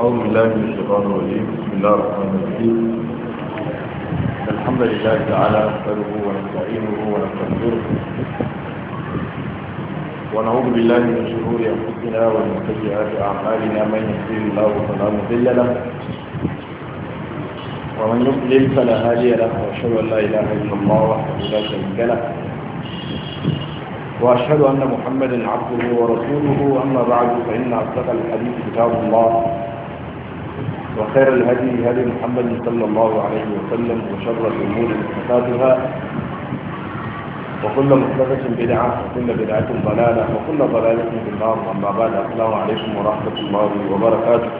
أعوذ بالله من الشيطان الرجيم بسم الله الرحمن الرحيم الحمد لله تعالى نحمده ونستعينه ونستغفره ونعوذ بالله من شرور أنفسنا ومن سيئات أعمالنا من يهديه الله فلا مضل له ومن يضلل فلا هادي له وأشهد أن لا إله إلا الله وحده لا شريك له وأشهد أن محمدا عبده ورسوله أما بعد فإن أصدق الحديث كتاب الله وخير الهدي هدي محمد صلى الله عليه وسلم وشر الأمور محدثاتها وكل محدثة بدعة وكل بدعة ضلالة وكل ضلالة في النار أما بعد السلام عليكم ورحمة الله وبركاته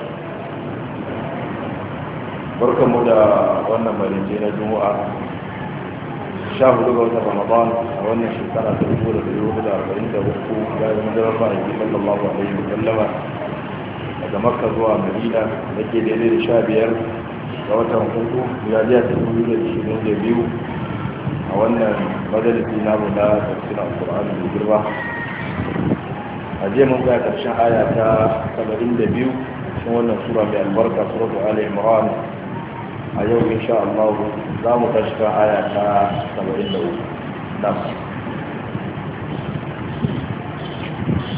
بركة مدى وانا مالجينا جمعة شاهد لغوة رمضان وانا شكرا في الأمور في الوحدة وانا شكرا في الله عليه وسلم daga makka zuwa madina da ke daidai da sha biyar ga watan hudu miliyar ta dubu da ishirin da biyu a wannan majalisi namu na tafsirin alkur'ani da girma a je mun ga karshen aya ta saba'in da biyu cikin wannan sura mai albarka suratu ali imran a yau insha Allah za mu tashi kan aya ta saba'in da uku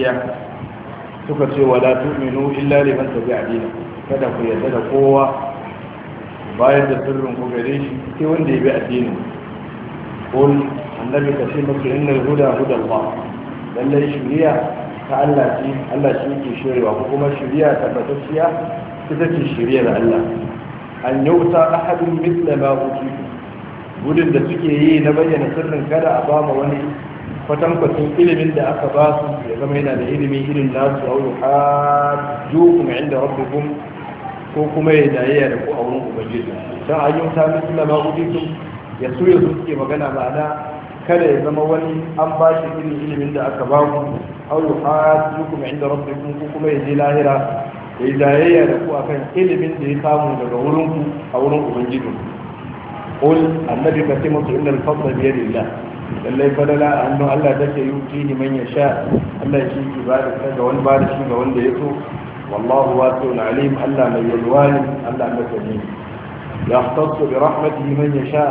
gaskiya suka ce wala tu'minu illa liman tabi'a dinakum kada ku yarda da kowa bayan da sirrin ku gare shi sai wanda ya bi addinin qul annabi ka ce maka innal huda huda Allah lallai shari'a ta Allah ce Allah shi ke shirewa ko kuma shari'a tabbatacciya ita ce shari'ar Allah an yauta ahadun mithla ma utiku gudun da suke yi na bayyana sirrin kada a bama wani kwatankwacin ilimin da aka ba su ya zama yana da ilimi irin nasu a wuri hajju mai inda kun ko kuma ya dayayya da ku a wurin ubangiji don ayyun ta mutu na ma'uditum ya so ya suke magana ma'ana kada ya zama wani an ba shi irin ilimin da aka ba ku a wuri hajju kuma inda kun ko kuma ya je lahira ya yi dayayya da ku akan ilimin da ya samu daga wurin ku a wurin ubangiji قل النبي كتمت إن الفضل بيد الله lallai fadala a hannun Allah take yi fihi man sha. Allah shi ki ba da ga wani ba da shi ga wanda ya so wallahu wasi'un alim Allah mai yalwani Allah masani ya برحمته من يشاء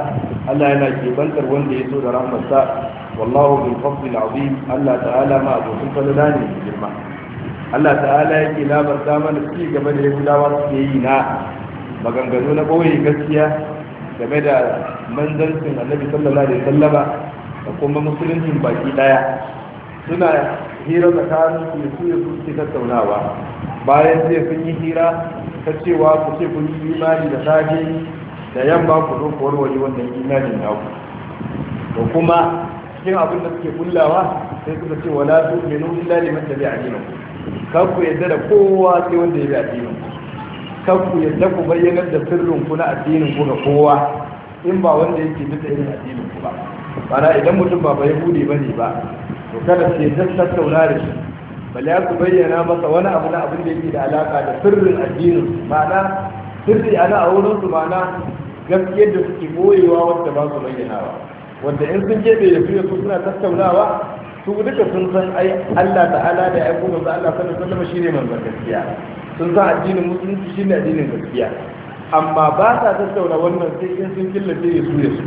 ألا ينجي بلتر وانده يسود رحمة ساء والله بالفضل العظيم ألا تعالى Allah ta'ala سلطة لداني جمع ألا تعالى يكي da برساما نفسي قبل يقول واسينا مغنغنون بوي قسيا game da manzancin annabi sallallahu alaihi wasallama da kuma musuluncin baki daya suna hira tsakanin su su su ke tattaunawa bayan sai sun yi hira ta cewa ku ce kun yi imani da safe da yamma ku zo ku warware wannan imanin naku da kuma cikin abin da suke kullawa sai suka ce wala tu minu illa liman a dinakum kan ku yadda da kowa sai wanda ya bi addinin ku ku yadda ku bayyanar da sirrin ku na addinin ku ga kowa in ba wanda yake bisa irin addinin ku ba bana idan mutum ba bai buɗe ba ne ba to kada ce duk tattauna da shi bala ku bayyana masa wani abu na abin da yake da alaka da sirrin addinin ma'ana sirri ana a wurin su ma'ana gaskiyar da suke boyewa wanda ba su ba wanda in sun jebe da su su suna tattaunawa su duka sun san ai Allah ala da ya aiko za Allah sallallahu sallama shi shine man gaskiya sun san addinin musulunci shine addinin gaskiya amma ba sa tattauna wannan sai in sun killace su ya su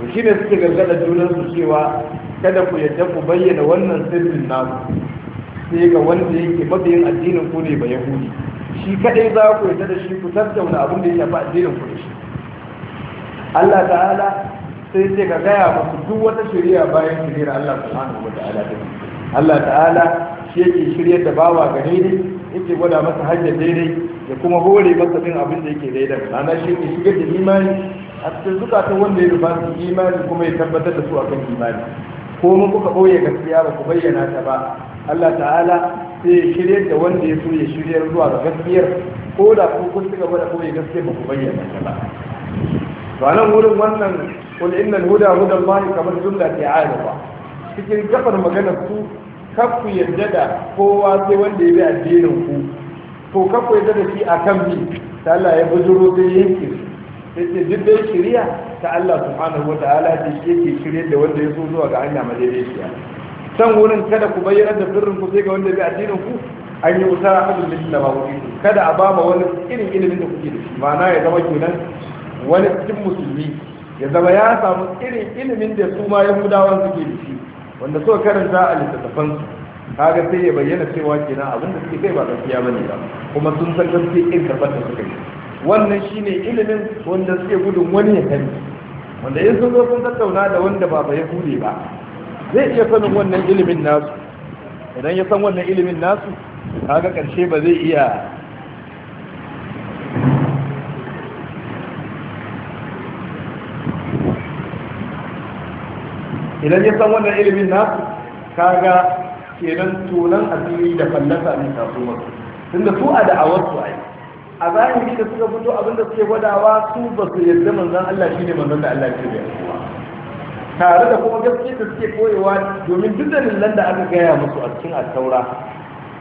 to shi ne suke gargada junansu cewa kada ku yadda ku bayyana wannan sirrin namu sai ga wanda yake mabiyin addinin ku ne ba yahudi shi kadai za ku yadda da shi ku tattauna abin da ya shafi addinin ku da shi Allah ta'ala sai sai ka gaya musu duk wata shari'a bayan shari'ar Allah subhanahu wa ta'ala Allah ta'ala shi yake shirya da bawa gare ne yake gwada masa hanyar daidai da kuma hore masa bin abin da yake daidai ma'ana shi ne shigar da imani a cikin zukatan wanda ya ba su imani kuma ya tabbatar da su kan imani ko mun kuka boye gaskiya ba ku bayyana ta ba Allah ta'ala sai ya shirye da wanda ya so ya shirye zuwa ga gaskiyar ko da ku kun ci gaba da gaskiya ba ku bayyana ta ba to anan wurin wannan kul innal huda huda Allah kamar jumla ba. cikin kafar maganar ku kar ku yarda da kowa sai wanda ya bi addinin ku to kar ku yarda da shi akan bi ta Allah ya bujuro sai yanke sai ce duk dai shirya ta Allah subhanahu wa ta'ala ce shi yake shirya da wanda ya so zuwa ga hanya madaidaiciya san wurin kada ku bayyana da sirrin ku sai ga wanda bai addinin ku an yi wuta hadin ba ku wuce kada a bama wani irin ilimin da kuke da shi ma'ana ya zama kenan wani cikin musulmi ya zama ya samu irin ilimin da su ma yahudawan suke da shi wanda suka karanta a littattafansu kaga sai ya bayyana cewa kenan abin da suke kai ba gaskiya bane ba kuma sun san gaskiya irin karɓar da suka yi wannan shi ne ilimin wanda suke gudun wani ya sani wanda ya sun zo sun tattauna da wanda ba ba ya hude ba zai iya sanin wannan ilimin nasu idan ya san wannan ilimin nasu kaga karshe ba zai iya idan ya san wannan ilimin nasu kaga kenan tunan asiri da fallasa ne taso masu tunda su a da'awar su yi. a zahiri da suka fito abinda suke gwadawa su ba su yadda manzan Allah ne manzan da Allah ke da tare da kuma gaske da suke koyewa domin duk dalilan da aka gaya musu a cikin at-taura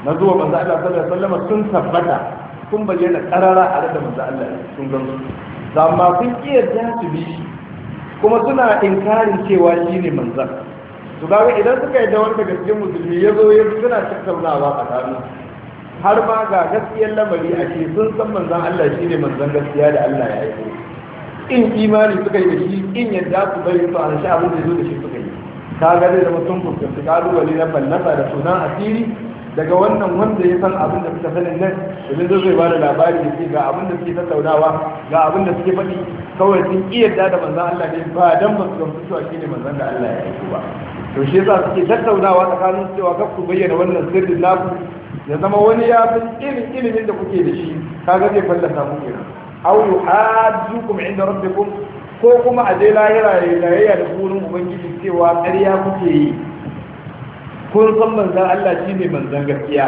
na zuwa manzo Allah sallallahu alaihi wasallam sun tabbata sun bayyana karara a da manzo Allah sun gamsu amma sun kiyarta su bi kuma suna inkarin cewa shine manzan. Su ga idan suka yi da wanda gaskiyar musulmi ya zo ya suna tattaunawa tsakanin har ma ga gaskiyar lamari a ce sun san manzan Allah shi ne manzan gaskiya da Allah ya yi in imani suka yi da shi in yadda su bari su an sha abin da zo da shi suka yi ka ga da mutum fuskanci kalubale na fallasa da sunan asiri daga wannan wanda ya san abin da suka sanin nan domin zai zai bada labari da ga abin da suke tattaunawa ga abin da suke faɗi kawai sun iya yadda da manzan Allah ne ba dan ba su gamsu cewa shi ne manzan da Allah ya yi ba to shi yasa suke tattaunawa tsakanin cewa kafku ku bayyana wannan sirrin naku ya zama wani ya san irin ilimin da kuke da shi kaga zai fallasa ku kenan aw yuhajjukum inda rabbikum ko kuma a je lahira ya tarayya da burin ubangiji cewa ƙarya kuke yi kun san manzan Allah shi ne manzan gaskiya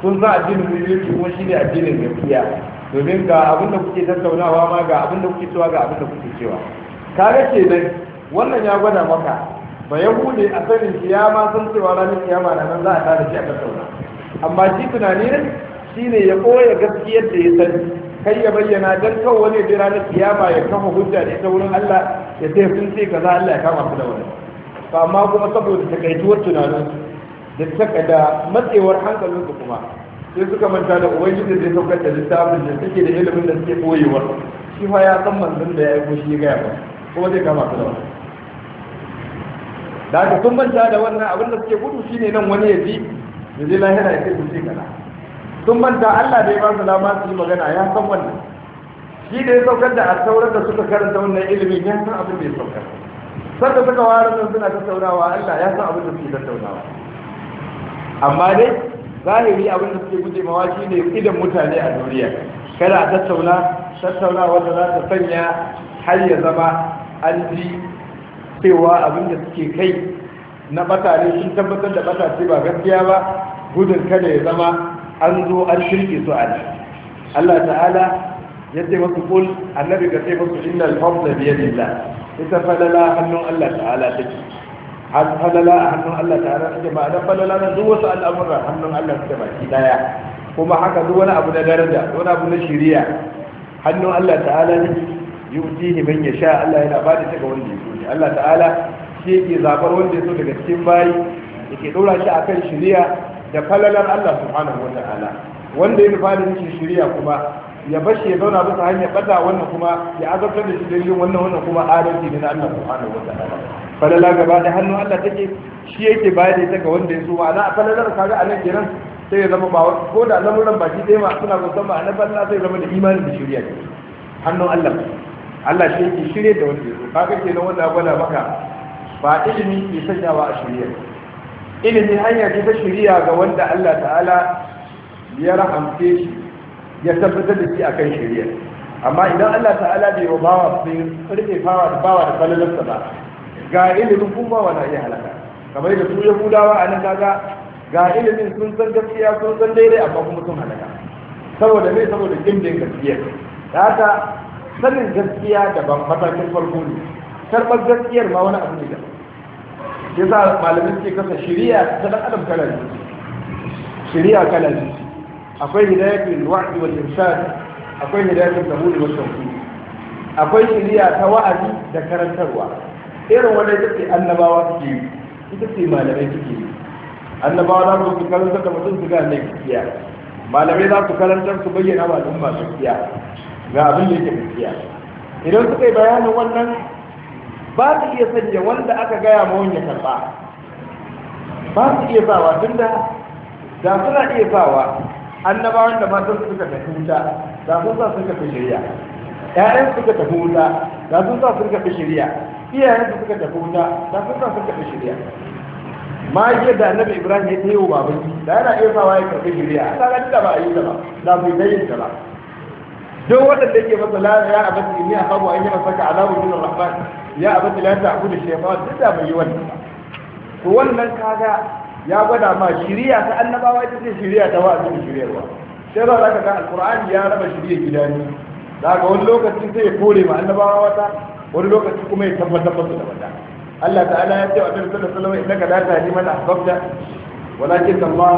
kun san addinin musulunci kuma shine addinin gaskiya domin ga abin da kuke tattaunawa ma ga abin da kuke cewa ga abin da kuke cewa kaga kenan wannan ya gwada maka ba yahudi a sanin kiyama san cewa ranar kiyama na nan za a tada shi a tattauna amma shi tunani ne ne ya koya gaskiyar da ya sani kai ya bayyana dan kawai wani jira na kiyama ya kafa hujja da ita wurin Allah ya sai sun ce kaza Allah ya kama su da wani to amma kuma saboda takaituwar tunanin da taka da matsewar hankalin su kuma sai suka manta da ubangiji zai saukar da littafin da suke da ilimin da suke koyewa shi fa ya san manzon da ya yi shi ya gaya ba kuma zai kama su da wani da haka sun manta da wannan abin da suke gudu shine nan wani ya ji yanzu lahira ya kai ce kaza sun manta Allah da ya ba su lama su yi magana ya san wannan shi da ya saukar da saurar da suka karanta wannan ilimin ya san abin da ya saukar da suka wara nan suna saurawa Allah ya san abin da suke tattaunawa amma dai zahiri abin da suke guje mawa shi ne idan mutane a duniya kada a tattauna tattauna wanda za ta sanya har ya zama an ji cewa abin da suke kai na bata ne sun tabbatar da bata ce ba gaskiya ba gudun kada ya zama an zo an shirki su a Allah ta'ala ya ce masu kul annabi ka ce masu inna al-fadla bi yadillah ita falala hannun Allah ta'ala take an falala a hannun Allah ta'ala ta ba da falala na duk wasu al'amurra hannun Allah ta take baki daya kuma haka duk wani abu na daraja wani abu na shiriya hannun Allah ta'ala ne yuti ne ya sha, Allah yana ba da ta ga wanda ya so Allah ta'ala shi yake zabar wanda ya so daga cikin bayi ke ɗora shi akan shiriya da falalar Allah subhanahu ta'ala wanda ya nufa da shi shiriya kuma ya bashi ya zauna bisa hanyar ɓata wannan kuma ya azabtar da shi da yin wannan wannan kuma adalci ne na Allah subhanahu ta'ala falala gaba da hannu Allah take shi yake bayar da ita ga wanda ya so na falalar kaga a nan kenan sai ya zama ba ko da lamuran baki ɗaya ma suna kusan ba na falala sai zama da imanin da shirya ne hannun Allah Allah shi yake shirye da wanda so kaga kenan wanda ya gwada maka ba ilimi ke sanyawa a shirya ilimi hanya ce ta shirya ga wanda Allah ta'ala ya rahamce shi ya tabbatar da shi akan shirya amma idan Allah ta'ala bai wa bawa sai rufe fawa da bawa da falalarsa ba ga ilimin bawa na iya halaka kamar da su yahudawa a nan kaga ga ilimin sun san gaskiya sun san daidai amma kuma sun halaka saboda mai saboda gindin gaskiya da haka sanin gaskiya daban matakin farko ne karɓar gaskiyar ma wani abu ne daban yasa malamin ke kasa shari'a ta dan adam kala ne shari'a kala ne akwai hidayatul wa'd wal irshad akwai hidayatul qabul wal tawfiq akwai shiriya ta wa'azi da karantarwa irin wanda yake annabawa suke yi ita ce malamai suke yi annabawa za su karantar da mutum su ga mai gaskiya malamai za su karantar su bayyana wa al'umma gaskiya ga abin da yake gaskiya idan suka yi bayanin wannan ba su iya sanya wanda aka gaya ma wani karba ba su iya sawa tun da da suna iya sawa annabawan wanda matan suka tafi wuta da sun sa suka fi shirya ƴaƴan suka tafi wuta da sun sa suka fi shirya iyayen su suka tafi wuta da sun sa suka fi shirya ma yi da annabi ibrahim ya tayo babanki da yana iya sawa ya karɓi shirya an lalata da ba a yi ta ba da bai dai ta ba don waɗanda yake masa la ya abati inni a yi masa ka min ar-rahman ya abin da lafiya abu da shefa duk da mai yi wannan ba to wannan kaga ya gwada ma shiriya ta annabawa ita ce shiriya ta wa'azi da shiryarwa sai ba za ka ga alkur'ani ya raba shiriya gida ne za ka wani lokaci sai ya kore ma annabawa wata wani lokaci kuma ya tabbatar da wata Allah ta'ala ya ce wa Annabi sallallahu alaihi wasallam innaka la tahdi man habbata walakin Allah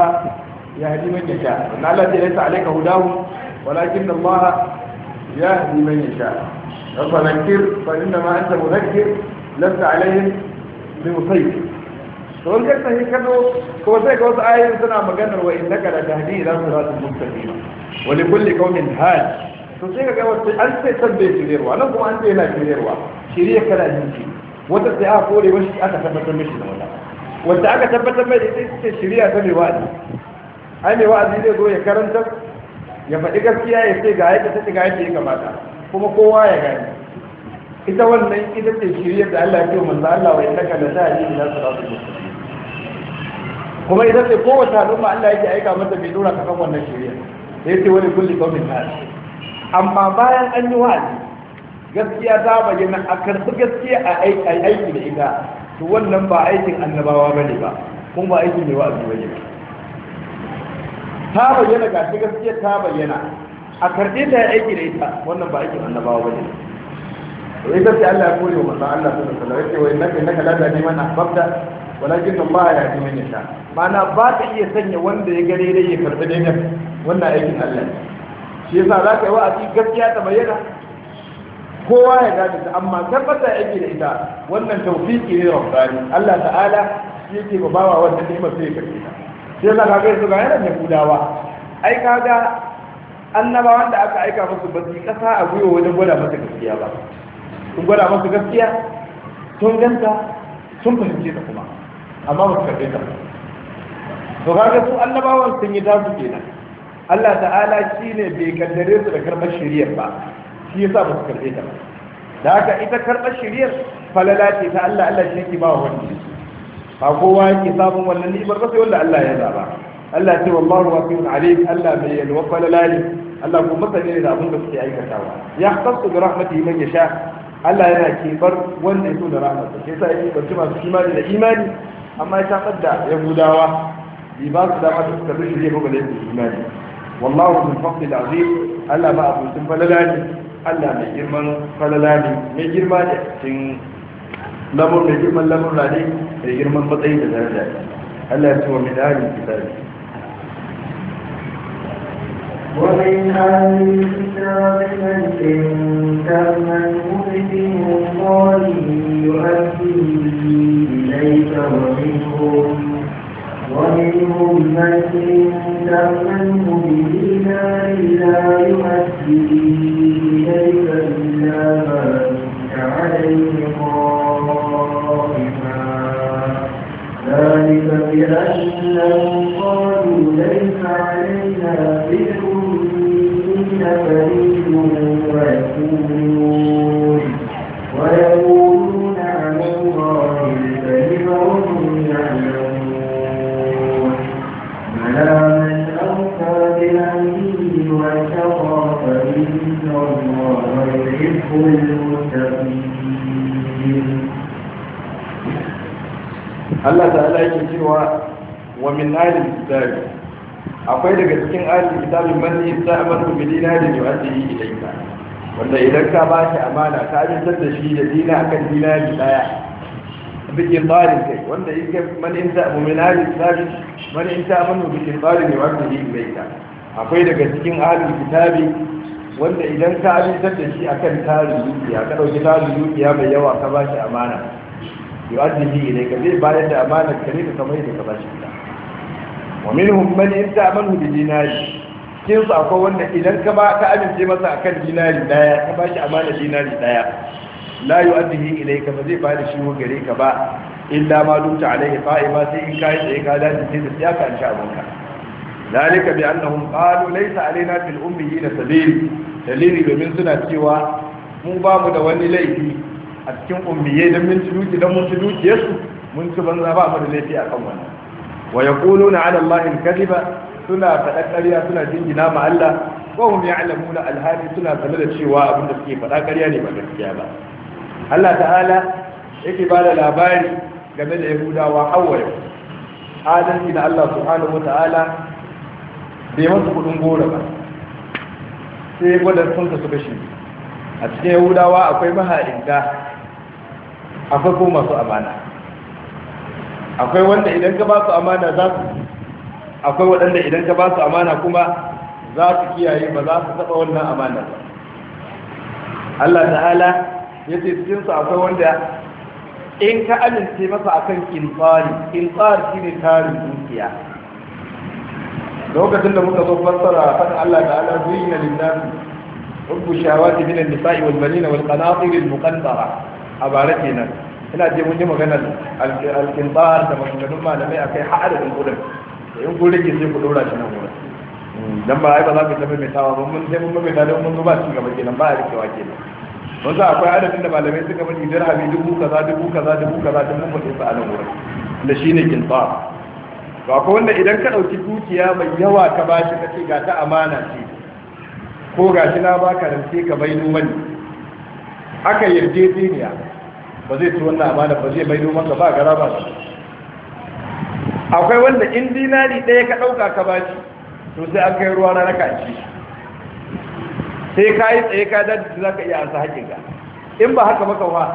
hadi man yasha Allah ta laysa alayka hudahu walakin Allah hadi man yasha فذكر فإنما أنت مذكر لست عليهم بمصيب سؤال كنت هي كانوا هو زي كوز آية سنة مجانا وإنك لتهدي إلى صراط المستقيم ولكل قوم هاد سوسيكا كوز أنت تنبي شريروا أنا كم أنت لا شريروا شريك كلا جنسي وتسعى قولي وش أنا ثبت مش ولا وانت أنا ثبت مش شريعة تبي وعدي أنا وعدي ليه يا كرنتك ya faɗi gaskiya ya ce ga yadda ta ga yadda ya kamata kuma kowa ya gani ita wannan ita ce shirya da Allah ya ce manzo Allah wa innaka la tahdi ila sirati mustaqim kuma ita ce wata al'umma Allah yake aika mata bai dora kan wannan shirya da ce wani kulli qaumin hadi amma bayan an yi wa'azi gaskiya ta bayyana a karɓi gaskiya a aiki da ita to wannan ba aikin annabawa bane ba kun ba aikin mai wa'azi bane ba ta bayyana ga gaskiya ta bayyana a karɓe ta ya aiki da ita wannan ba aikin annabawa ba ne to ita sai Allah ya kore wa manzon Allah sallallahu alaihi wasallam na wa innaka innaka la tahdi man ahbabta walakin ba ya yahdi min yasha ma'ana ba ka iya sanya wanda ya gare da ya karɓi dai wannan aikin Allah shi yasa za ka yi wa'azi gaskiya ta bayyana kowa ya gane ta amma tabbata aiki da ita wannan tawfiki ne rabbani Allah ta'ala yake ba bawa wannan ni'imar sai ya karɓe ta sai za ka ga yanzu ga yana da kudawa ai kaga annabawan da aka aika musu ba su yi ƙasa a gwiwa wajen gwada masa gaskiya ba sun gwada masa gaskiya sun ganta sun fahimce ta kuma amma ba su karɓe ta to kaga su annabawan sun yi tasu kenan Allah ta'ala shi ne bai kaddare su da karɓar shiriyar ba shi yasa ba su karɓe ta ba da haka ita karɓar shiriyar falala ce ta Allah Allah shi yake ba wa wani ba kowa yake samun wannan ni'imar ba sai wanda Allah ya zaba Allah ce wallahu wasi'un alim Allah mai yalwa falala ne Allah kuma ne da abin suke aikatawa ya khassu bi rahmatihi man yasha Allah yana kebar wanda ya so da rahmatsa sai sai ya kebar masu imani da imani amma ya tafar da yahudawa bi ba su dama da suka rushe zai da yadda imani wallahu min fadli azim Allah ba abincin falala ne Allah mai girman falala ne mai girma da cikin lamur mai girman lamur mai girman matsayi da daraja Allah ya ce wa min kitabi ومن أهل الكتاب من إن تأمن بدين الله إليك ومنهم ومنهم من إن لا يؤدي إليك إلا ما عليه قائما ذلك بأنه ahli kitabi akwai daga cikin ahli kitabi man yasta'manu bi dinarin yu'addihi ilayka wanda idan ka ba shi amana ka amintar da shi da dina akan dinari daya bi tsarin kai wanda yake man in ta mu'minari kitabi man in ta amanu bikin tsarin yu'addihi ilayka akwai daga cikin ahli kitabi wanda idan ka amintar da shi akan tarin dukiya ka dauki tarin dukiya mai yawa ka ba shi amana yu'addihi ilayka zai bayar da amana kare ka kamar yadda ka ba shi ta wa minhum man yasta'malu bi dinari cikin su akwai wanda idan ka ba ka amince masa akan dinari daya ka ba shi amana dinari daya la yu'addihi ilayka ba zai ba da shi wa gare ka ba illa ma dumta alaihi qa'ima sai in kai sai ka dace sai da siyaka in sha abunka dalika bi annahum qalu laysa alaina fil ummiyin sabil dalili domin suna cewa mu ba mu da wani laifi a cikin ummiyai don mun ci duki don mun ci dukiyarsu mun ci banza ba mu da laifi a kan wannan wa yaquluna ala allahi kadhiba suna faɗa ƙarya suna jingina ma Allah wa hum na alhali suna sanar da cewa abin da suke faɗa ƙarya ne ba gaskiya ba Allah ta'ala yake ba da labari game da Yahudawa awwayo adalci da Allah subhanahu bai masa kuɗin gora ba sai gwada sun suka shi a cikin Yahudawa akwai maha'inta akwai kuma masu amana akwai wanda idan ka ba su amana za su akwai waɗanda idan ka ba su amana kuma za su kiyaye ba za su taɓa wannan amana ba Allah ta'ala ya ce su akwai wanda in ka amince masa akan kintsari kintsari shi ne tarin dukiya lokacin da muka zo fassara fadin Allah ta'ala zuyina linnasi hubbu shawati min an-nisa'i wal banina wal qanatir al muqaddara a bara kenan ina je mun yi maganar alƙinbar da maganganun malamai a kai haɗa da gudun da yin ke sai ku ɗora shi nan wurin hmm, dan ba ai ba za ku taɓa mai tawa ba mun sai mun mai tawa mun ba shi gaba kenan ba a wa kenan mun sa akwai adadin da malamai suka bari dirhami dubu kaza dubu kaza dubu kaza dubu mun faɗi su a nan wurin da shine kintar to akwai wanda idan ka ɗauki dukiya mai yawa ka bashi ka ce ga ta amana ce ko ga shi na baka rance ka bai mani aka yarjejeniya ba zai ci wannan amana ba zai maido maka ba gara ba akwai wanda in dinari ɗaya ka ɗauka ka ba shi to sai an kai ruwa na ka ci sai ka yi tsaye ka daji za ka iya ansa haƙƙinka. in ba haka maka wa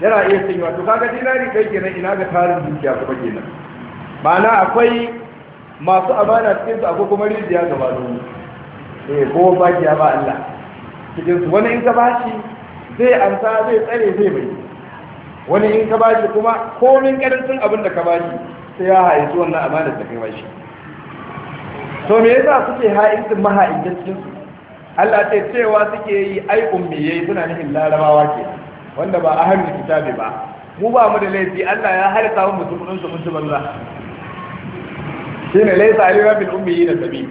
yana iya sanyawa to kaga dinari ɗaya kenan ina ga tarin dukiya kuma kenan ma'ana akwai masu amana su akwai kuma rijiya gaba da mu eh ko ba ba Allah su wani in ka bashi zai amsa zai tsare zai bai wani in ka ba shi kuma komin karancin abin da ka ba shi, sai ya haizu wannan amanar da kai shi. to me yasa suke ha'intin maha'intin su Allah ce cewa suke yi ai yayi suna nufin larabawa ke wanda ba ahlul kitabi ba mu ba mu da laifi Allah ya halitta mu mutumin su ci banza shine laysa alira bil ummiyina sabi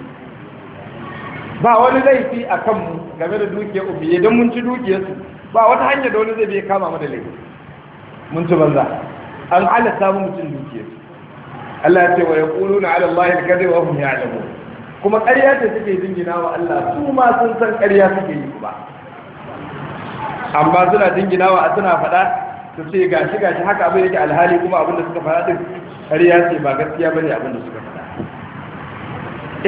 ba wani laifi akan mu game da dukiyar ummi idan mun ci dukiyar su ba wata hanya da wani zai bai kama mu da laifi mun ci banza an halatta mu mutum dukiya Allah ya ce wa yaquluna ala Allah al-kadhib wa hum ya'lamun kuma ƙarya ce suke dingina wa Allah su ma sun san ƙarya suke yi ba amma suna dingina wa suna faɗa su ce gashi gashi haka abin yake alhali kuma abin da suka faɗa din ƙarya ce ba gaskiya bane abin da suka faɗa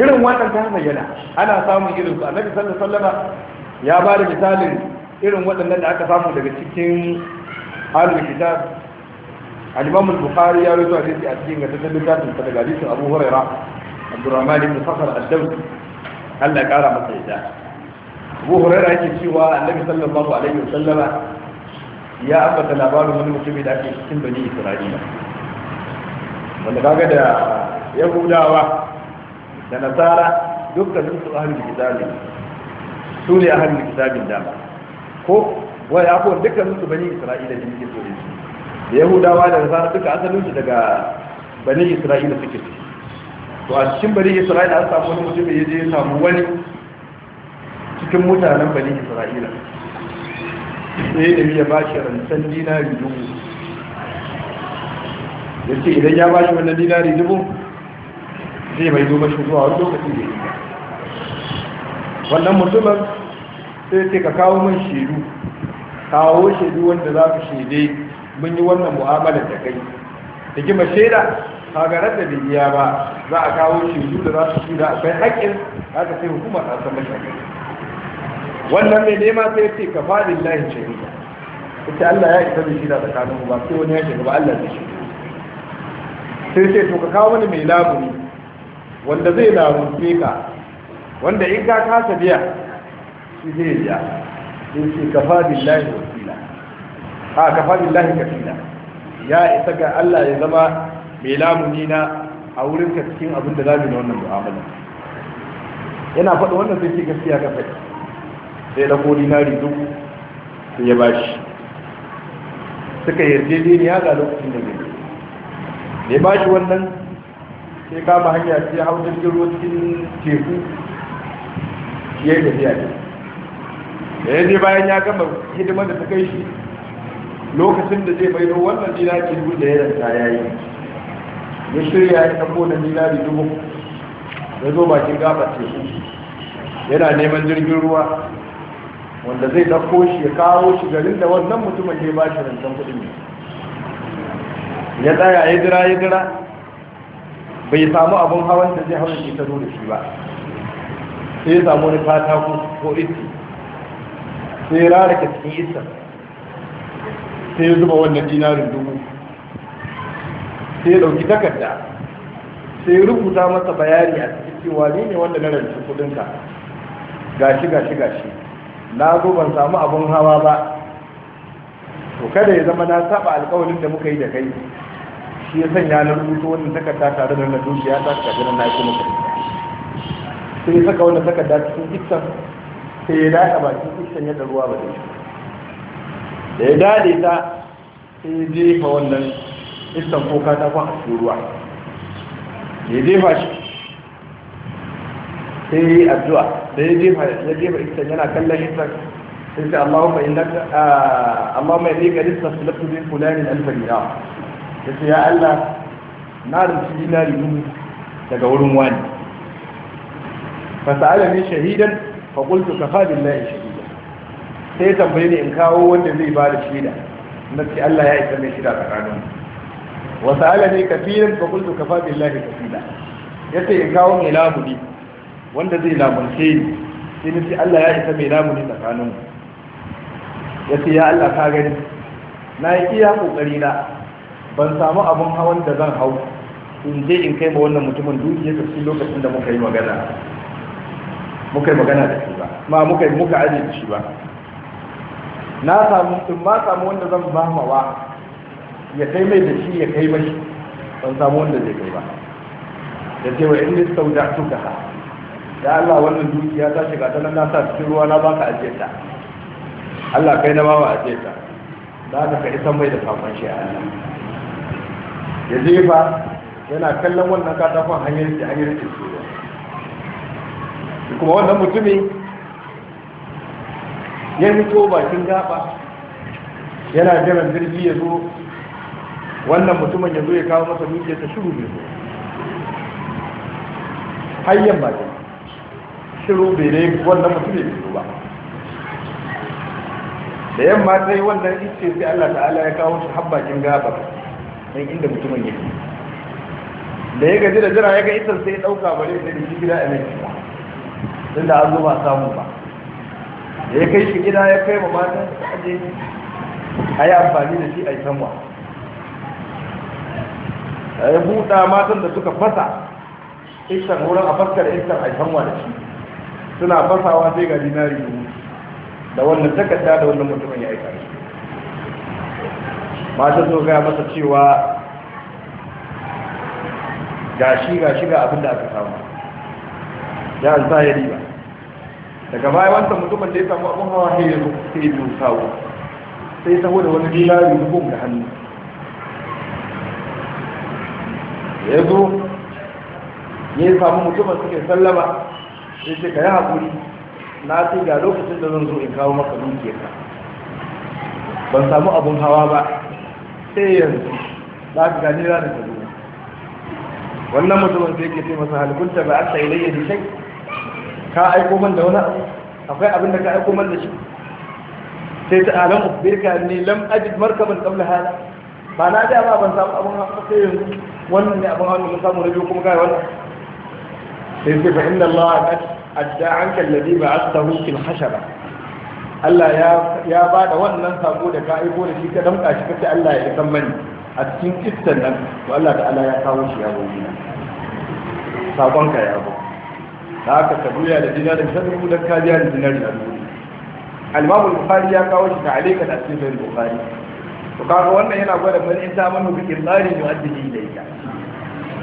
irin wannan ta bayyana ana samun irin su annabi sallallahu alaihi wasallam ya ba da misalin irin waɗannan da aka samu daga cikin ahlul kitab al-imam al-bukhari ya rawaito hadisi a cikin gaddatan littafin sa daga hadisin abu huraira abdurrahman ibn safar al-dawsi Allah ya kara masa yadda abu huraira yake cewa annabi sallallahu alaihi wasallama ya ambata labarin wani mutumin da ake cikin bani isra'ila wanda kaga da yahudawa da nasara dukkanin su ahlul kitab su ne ahlul kitabin dama ko wa ya ko dukkan su bani isra'ila da suke so da yahudawa da nasara duka asalin su daga bani isra'ila suke so to a cikin bani isra'ila an samu wani mutum ya je ya samu wani cikin mutanen bani isra'ila sai da ya bashi rantsan dinari dubu ya ce idan ya bashi wannan dinari dubu zai mai zo shi zuwa wani lokacin da ya wannan mutumin sai ce ka kawo min shiru kawo shaidu wanda za ku shaidai mun yi wannan mu'amalar da kai da hikimar shaida kagarar da biya ba za a kawo shaidu da za su shida akwai haƙƙin za ta sai hukumar a san mashi wannan mai nema sai ce ka fadin lahin shaidu ita Allah ya isa da shida tsakanin ba sai wani ya shiga ba Allah zai shi sai ce to ka kawo wani mai labuni wanda zai labunce ka wanda in ka kasa biya shi zai biya yake kafa billahi wakila a kafa billahi kafila ya isa ga Allah ya zama mai lamuni na a wurin ka cikin abin da zamu yi wannan mu'amala yana faɗa wannan sai ce gaskiya ka faɗi sai da ko dinari duk sai ya bashi suka yarda ya ga lokacin da zai ne bashi wannan sai kama hanya sai hau jirgin ruwa cikin teku shi ya yi tafiya ne da ya je bayan ya gama hidimar da ta kai shi lokacin da zai maido wannan dinari dubu da ya ranta ya yi ya shirya ya ɗauko da dinari dubu ya zo bakin gabar teku yana neman jirgin ruwa wanda zai ɗauko shi ya kawo shi garin da wannan mutumin ke ba shi rantan kuɗin ya tsaya ya jira ya jira bai samu abin hawan da zai hawan shi ta zo da shi ba sai ya samu wani fata ko iti sai rarake cikin isa sai ya zuba wannan dinarin dubu sai ya dauki takarda sai ya rubuta masa bayani a cikin cewa ne ne wanda na rancin kudinka gashi gashi gashi na zo ban samu abun hawa ba to kada ya zama na saba alƙawarin da muka yi da kai shi ya sanya na rubuta wannan takarda tare da na dukiya ta kaji na yi kuma sai ya saka wannan takarda cikin gitsan sai ya daɗa cikin iskan yadda ruwa ba dai da ya daɗe ta sai ya jefa wannan iskan ko katakon a cikin ruwa ya jefa shi sai ya yi addu'a da ya jefa ya jefa iskan yana kallon iskan sai sai Allahumma innaka Allahumma innaka listastalaftu min fulanin alfanina sai ya Allah na rubuci dinari daga wurin wani fasa'ala ne shahidan fa qultu kafa billahi shahida sai tambaye ne in kawo wanda zai ba da shida na ce Allah ya isa mai Wasu tsakanin wa sa'alani kafiran fa qultu kafa billahi Ya ce in kawo mai lamuni wanda zai lamunce ni sai na ce Allah ya isa mai lamuni tsakanin ce ya Allah ka gani na yi iya kokari na ban samu abin hawan da zan hau in je in kai ma wannan mutumin ta cikin lokacin da muka yi magana muka yi magana da shi ba ma muka yi muka aje da shi ba na samu in ma samu wanda zan ba mawa ya kai mai da shi ya kai shi, ban samu wanda zai kai ba da cewa wa in ni sauda tuka ha da Allah wannan dukiya ta shiga ta nan na sa cikin ruwa na baka aje ta Allah kai na bawa aje ta za ka kai san mai da sakon shi a Allah ya fa yana kallon wannan katakon hanyar da hanyar da kuma wannan mutumin ya fito bakin gaba yana jiran jirgi ya zo wannan mutumin ya zo ya kawo masa dukiya ta shiru bai zo hayyan bakin shiru bai dai wannan mutumin bai zo ba da yamma yi wannan ice sai Allah ta'ala ya kawo shi habbakin gaba don inda mutumin yake da ya gaji da jira ya ga itar sai ya ɗauka bare da shi gida a mai tun da an zo ba samu ba da ya kai shi gida ya kai ma matan su aje a yi amfani da shi a yi sanwa yi buɗa matan da suka fasa iskan wurin a faskar iskan a yi sanwa da shi suna fasawa sai ga dinari dubu da wannan takarda da wannan mutumin ya aika shi matan zo gaya masa cewa gashi gashi ga abin da aka samu ya an sa ya riba daga baya wata mutumin da ya samu abin hawa ya zo sai ya biyu sawo sai da wani dilari hukum da hannu ya zo ya samu mutumin suke sallama sai ce ka yi haƙuri na ce ga lokacin da zan zo in kawo maka dukiya ka ban samu abun hawa ba sai yanzu za ka gani ranar ka zo wannan mutumin sai ke ce masa halittar ba a tsaye da shai ka aiko man da wani akwai abin da ka aiko man da shi sai ta alam ubirka ne lam ajid markaban qabla hada ba na da ba ban samu abin hawa sai yanzu wannan ne abin hawa mun samu rajo kuma kai wannan sai ce fa inna Allah adda anka alladhi ba'athahu fil hashara Allah ya ya bada wannan sako da ka aiko da shi ka damka shi kace Allah ya san mani a cikin kistan nan to Allah ta'ala ya kawo shi ya gobe na sakonka ya gobe da haka ka duya da dinarin shan rudan ka biya da dinarin a dubu al-imam bukhari ya kawo shi ta'alika da cikin sahih bukhari to kaga wannan yana gwada mun in ta manu bi qirari ne wanda yake da ita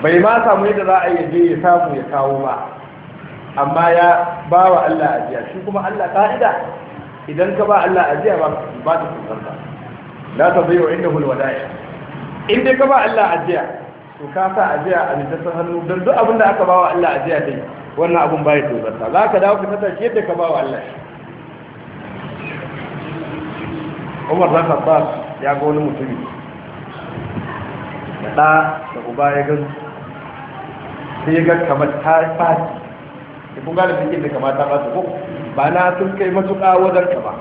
bai ma samu yadda za a yi je ya samu ya kawo ba amma ya ba wa Allah ajiya shi kuma Allah ka'ida idan ka ba Allah ajiya ba ba ta kusanta la ta bayu indahu alwadaya in dai ka ba Allah ajiya to ka sa ajiya a littafin hannu don duk abin da aka ba wa Allah ajiya dai wannan abun bai tozarta za ka dawo ka tattace yadda ka ba wa Allah Umar ka ba ya ga wani mutumi da ɗa da uba ya gan sai ga kamar ta fati Ya kun gane cikin da kamata ba su ko ba na sun kai matuƙa wajen ka ba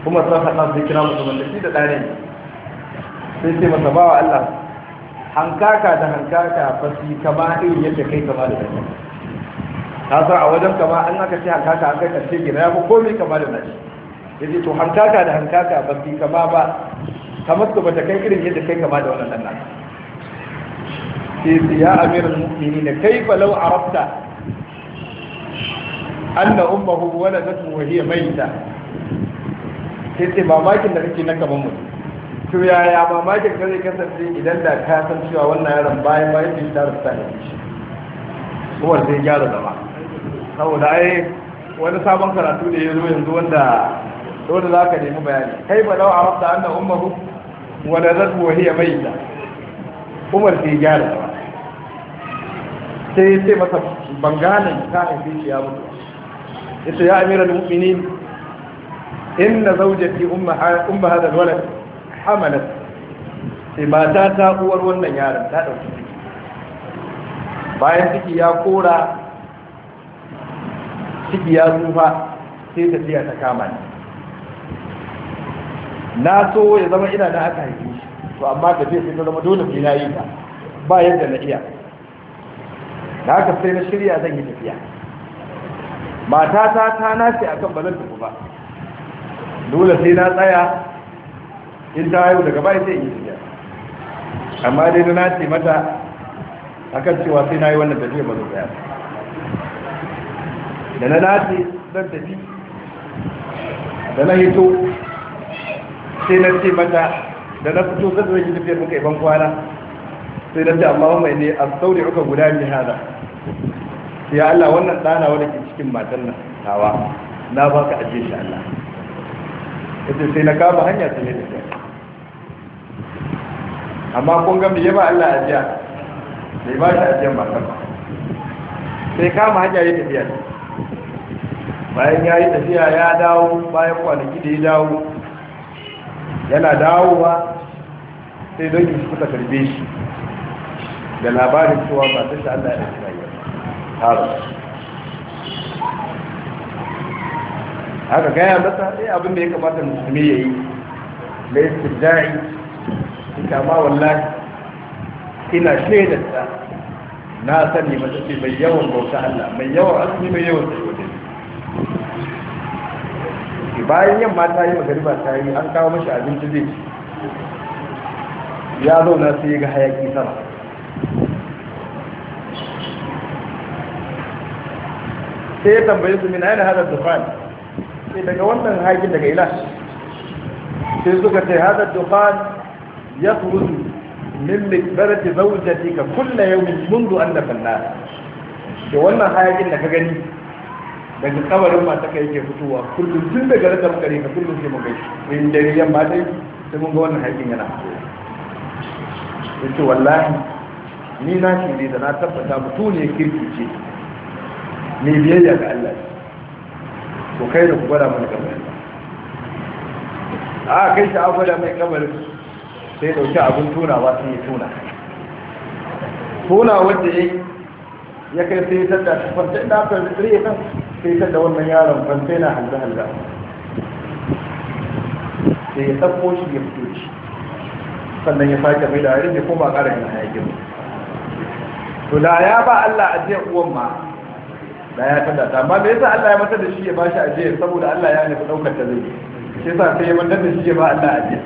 kuma sun haɗa su kira mutumin da shi da ɗane sai ce masa ba wa Allah hankaka da hankaka fasi kama irin yadda kai kama da ɗane ka san a wajen kama an aka ce hankaka an kai karshe gina ya fi komai kama da nashi ya ce to hankaka da hankaka ba fi kama ba kamar su bata kai irin yadda kai kama da wannan nan sai ya amiral mu'mini na kai falau a rafta an na ummahu wala zatu wahiya maita sai sai mamakin da kake na kaman mutu to yaya mamakin ka zai kasance idan da ka san cewa wannan yaron bayan bayan da ta rasa ne shi kuma sai gyara zama saboda ai wani sabon karatu da ya zo yanzu wanda dole za ka nemi bayani kai ba dawa a rafta annan ummahu wadda zan wahiya mai da umar ke gyara ba sai ya ce masa ta haifi shi ya mutu ita ya amira In mu'mini inna zaujati umma hada walad hamalat sai mata ta uwar wannan yaron ta dauki bayan ciki ya kora ciki ya tsufa sai tafiya ta kama ni na so ya zama ina na aka haifi shi to amma tafiya sai ta zama dole sai na yi ta ba yadda na iya da haka sai na shirya zan yi tafiya matata ta nace akan balan tafi ba dole sai na tsaya in ta haihu daga baya sai in yi tafiya amma dai na nace mata akan cewa sai na yi wannan tafiya ba zo tsaya da na nace zan tafi da na hito sai na ce mata da na fito zai zai yi tafiyar muka iban kwana sai na ce amma mai ne a sauri uka guda mi hada ya Allah wannan ɗana wanda ke cikin matan nan tawa na ba ka ajiye shi Allah ita sai na kama hanya ta ne da shi amma kun ga ya ba Allah ajiya bai ba shi ajiyar matan ba sai kama hanya ya tafiya ne bayan ya yi tafiya ya dawo bayan kwanaki da ya dawo yana dawowa sai dangin su suka karbe shi da labarin cewa ba ta sha'ada ya ɗauki rayuwa haru haka gaya masa sai eh, abin da ya kamata musulmi ya yi mai istirjari ita ma wallahi ina shaidarta na sani mata ce mai yawan bauta Allah mai yawan asini mai yawan tsaye ke bayan yamma ta yi magariba ta yi an kawo mashi abinci zai ci ya zauna sai ya ga hayaki sama sai ya tambaye su mina yana hadar dufan sai daga wannan hayakin daga ila sai suka ce hadar dufan ya kuruzu min mikbarati zaujatika kullu yawmin mundu an da nar ke wannan hayakin da ka gani daga tsabarin mata ka yake fitowa kullum tun daga rasa muka ne ka kullum sai muka yi in dare yamma dai sai mun ga wannan haƙin yana fitowa yace wallahi ni na ce ne da na tabbata mutu ne kirki ce ne biyayya ga Allah ko kai da ku gwada mana kamar a kai shi an gwada mai kamar sai dauki abin tunawa sun yi tuna tuna wanda ya kai sai ya tattata farce da aka rike kan sai ta da wannan yaron kan sai na halda halda sai ya ɗauko shi ya fito shi sannan ya sake mai da harin ya koma ƙara yin hayakin to da ya ba Allah ajiyar uwan ma da ya tada ta amma me yasa Allah ya mata da shi ya ba shi ajiyar saboda Allah ya nufi ɗaukar ta zai shi yasa sai ya mata da shi ya ba Allah ajiyar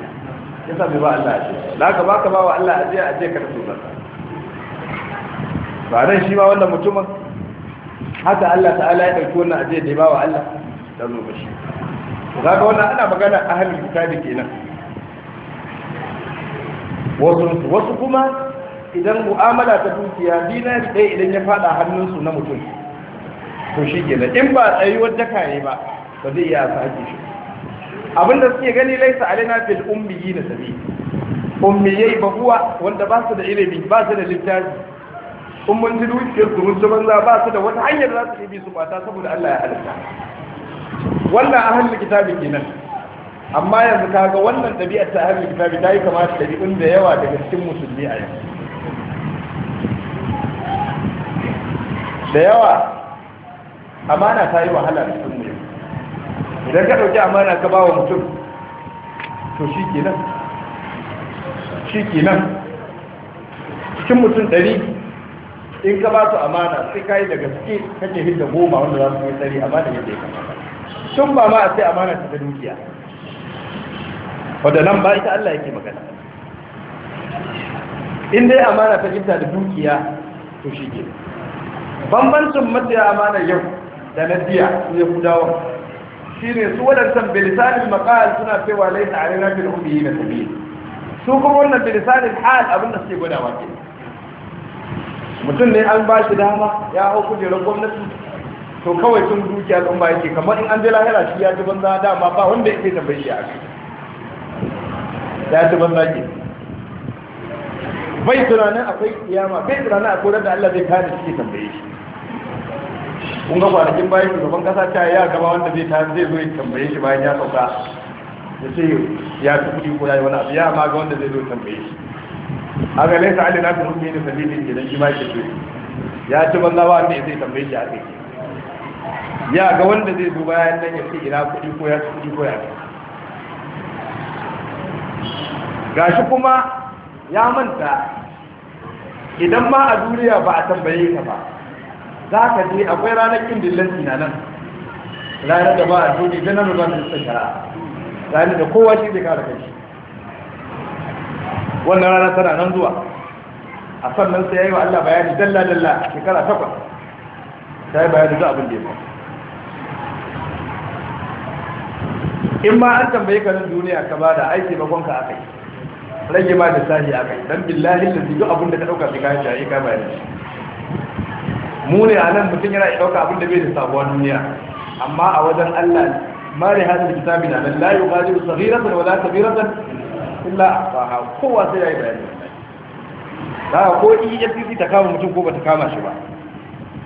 Ya sa bai ba Allah ajiyar da ka baka ba wa Allah ajiyar ajiyar ka ta so ba ba nan shi ma wannan mutumin haka Allah ta'ala ya ɗauki wannan ajiyar da ya bawa Allah shi za ga wannan ana magana a ahlul kitabi kenan wasu wasu kuma idan mu'amala ta dukiya dinari ɗaya idan ya fada hannunsu na mutum to shi ke in ba a tsayuwar daka kaye ba ba zai iya sake shi abinda suke gani laisa alaina fil umbiyi na sabi umbiyai ba kuwa wanda ba su da ilimi ba su da littafi in mun ji dukiyar su mun banza ba su da wata hanyar za su bi su mata saboda Allah ya halitta wannan a ahlul kitabi kenan amma yanzu kaga wannan ɗabi'ar ta hannun kitabi ta yi kamata da ɗabi'un da yawa daga cikin musulmi a yau da yawa amana ta yi wahala da sun mutum idan ka ɗauki amana ka ba wa mutum to shi kenan shi kenan cikin mutum ɗari in ka ba su amana sai kai da gaske kake hidda goma wanda za su yi tsari amana yadda ya kamata tun ba ma a sai amana ta dukiya wadda nan ba ita Allah yake magana in dai amana ta hidda da dukiya to shi ke bambancin matsaya amana yau da na biya su ya kudawa shi ne su waɗansan bilisanin makal suna cewa laisa a rina bil na tabi su kuma wannan bilisanin hal abinda suke gwadawa kenan mutum ne an ba shi dama ya hau kujerar gwamnati to kawai sun dukiya al'umma yake kamar in an je lahira shi ya ji banza dama ba wanda yake tambayi shi a kai ya ji banza ke bai tunanin akwai kiyama bai tunanin akwai da Allah zai kare shi tambaye shi kun ga kwanakin bayan shugaban kasa ta ya gaba wanda zai tafi zai zo ya tambaye shi bayan ya sauka ya ce ya fi kuɗi ko ya yi wani abu ya ma ga wanda zai zo tambaye shi haka laisa ali na kuma ne sabili ne dan shi ma ke so ya ci banza ba wanda zai tambaye shi a kai ya ga wanda zai zo bayan nan ya ce ina kuɗi ko ya ci kudi ko ya ci shi kuma ya manta idan ma a duniya ba a tambaye ka ba za ka je akwai ranar kin dillanci na nan ranar da ba a duniya ganar da ba su tsakara ranar da kowa shi zai kara kai wannan rana tana nan zuwa a sannan sai ya yi wa Allah bayani dalla-dalla shekara takwas ta yi bayani za abin da ya faru in ma an tambaye ka nan duniya ka ba da aiki bakon a kai, rage ma da sahi a kai, don billahi lazi duk abin da ka dauka sai ka yi jaye ka bayani mu ne a nan mutum yana dauka abin da bai da sabuwar duniya amma a wajen Allah mare hadin kitabi na la yughadiru saghiratan wala kabiratan illa asaha kowa sai yayi bayani da ko EFCC ta kama mutum ko ba ta kama shi ba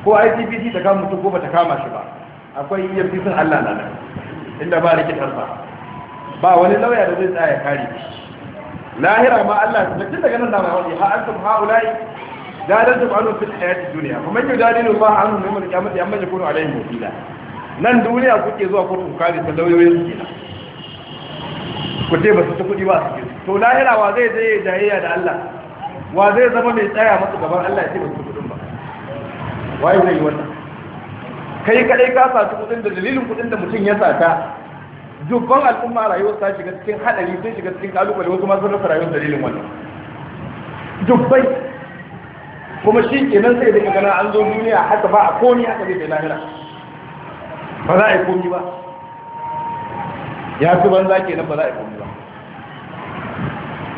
ko ICPC ta kama mutum ko ba ta kama shi ba akwai EFCC Allah na nan inda ba rikitar tarfa ba wani lauya da zai tsaya kare shi lahira ma Allah ta tun daga nan da mai wani ha antum haula'i dalilu anu fil hayat dunya kuma yau dalilu ba anhu ne mun kiyamati amma ya kunu alaihi wakila nan duniya kuke zuwa kotun ku kare ta lauyoyin kenan ku ce ba su ta kudi ba su to lahira wa zai zai jayayya da Allah wa zai zama mai tsaya masu gaban Allah ya ce masu kudin ba waye zai yi wannan kai kadai ka sace kudin da dalilin kudin da mutum ya sata dubban al'umma rayuwar sa shiga cikin hadari sun shiga cikin kalubale wasu masu rasa rayuwar dalilin wannan dubbai kuma shi kenan sai da gana an zo duniya haka ba a komi haka zai lahira ba za a yi komi ba ya fi banza kenan ba za a yi komi ba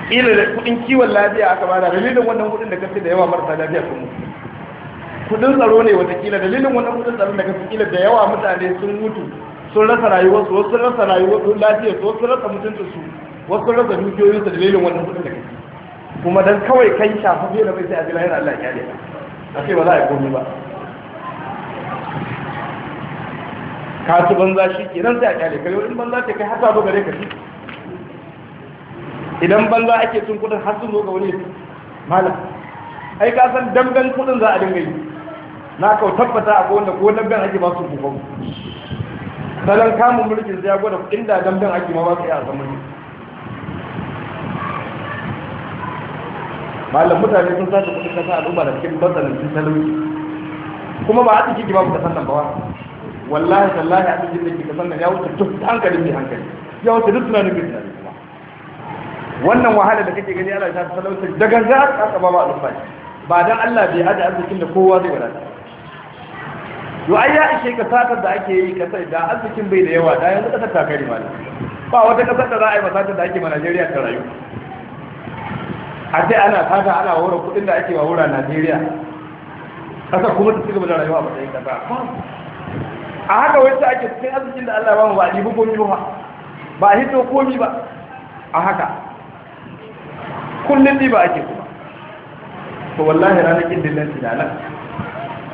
ila da kudin kiwon lafiya aka bada dalilin wannan kudin da kafin da yawa marasa lafiya sun mutu kudin tsaro ne watakila dalilin wannan kudin tsaro da kafin kila da yawa mutane sun mutu sun rasa rayuwarsu wasu sun rasa rayuwarsu lafiya su wasu sun rasa mutuncinsu wasu sun rasa dukiyoyinsu dalilin wannan kudin da kafin kuma dan kawai kai shafa fiye da bai sai a ji lahira Allah ya kyale ka a ce ba za a yi komai ba ka ci banza shi kenan sai a kyale kare, wani banza ce kai hasa ba gare ka shi idan banza ake cin kudin har sun zo ga wani malam ai ka san dangan kudin za a dinga yi na kau tabbata a wanda ko dangan ake ba su kufau salon kamun mulkin sai ya gwada inda dangan ake ma ba su yi a ne malam mutane sun sace kudin kasa al'umma da cikin matsalancin talauci kuma ba a ciki ki ba ku kasan nan ba wallahi tallahi a cikin da ke kasan nan ya wuce duk hankalin mai hankali ya wuce duk tunanin mai tunani wannan wahala da kake gani ana shafi talautar da ganza a ka ba al'umma ba don Allah bai hada arzikin da kowa zai wadata yo ai ya ishe kasatar da ake yi kasar da arzikin bai da yawa da yanzu kasar ta kai malam ba wata kasar da za a yi masatar da ake ma Najeriya ta rayu a sai ana fata ana wura kuɗin da ake wa wura Najeriya Ƙasar kuma ta cigaba da rayuwa matsayin ta a haka wacce ake cikin arzikin da Allah ba mu ba a ɗibi komi ba ba a hito komi ba a haka kullum ba ake kuma to wallahi ranar ƙin dillan na nan